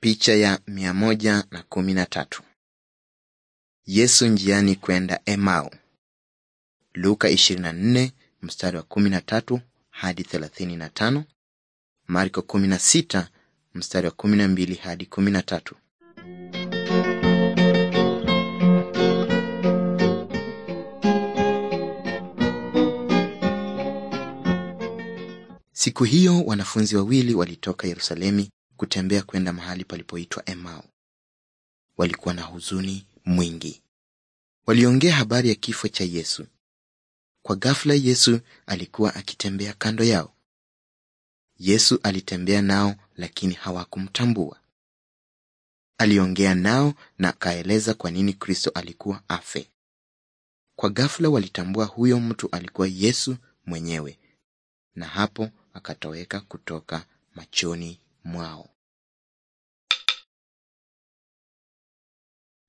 Picha ya mia moja na kumi na tatu. Yesu njiani kwenda Emau. Luka 24 mstari wa 13 hadi 35. Marko 16 mstari wa 12 hadi 13. Siku hiyo wanafunzi wawili walitoka Yerusalemu kutembea kwenda mahali palipoitwa Emau. Walikuwa na huzuni mwingi. Waliongea habari ya kifo cha Yesu. Kwa ghafla, Yesu alikuwa akitembea kando yao. Yesu alitembea nao, lakini hawakumtambua. Aliongea nao na akaeleza kwa nini Kristo alikuwa afe. Kwa ghafla, walitambua huyo mtu alikuwa Yesu mwenyewe, na hapo akatoweka kutoka machoni mwao.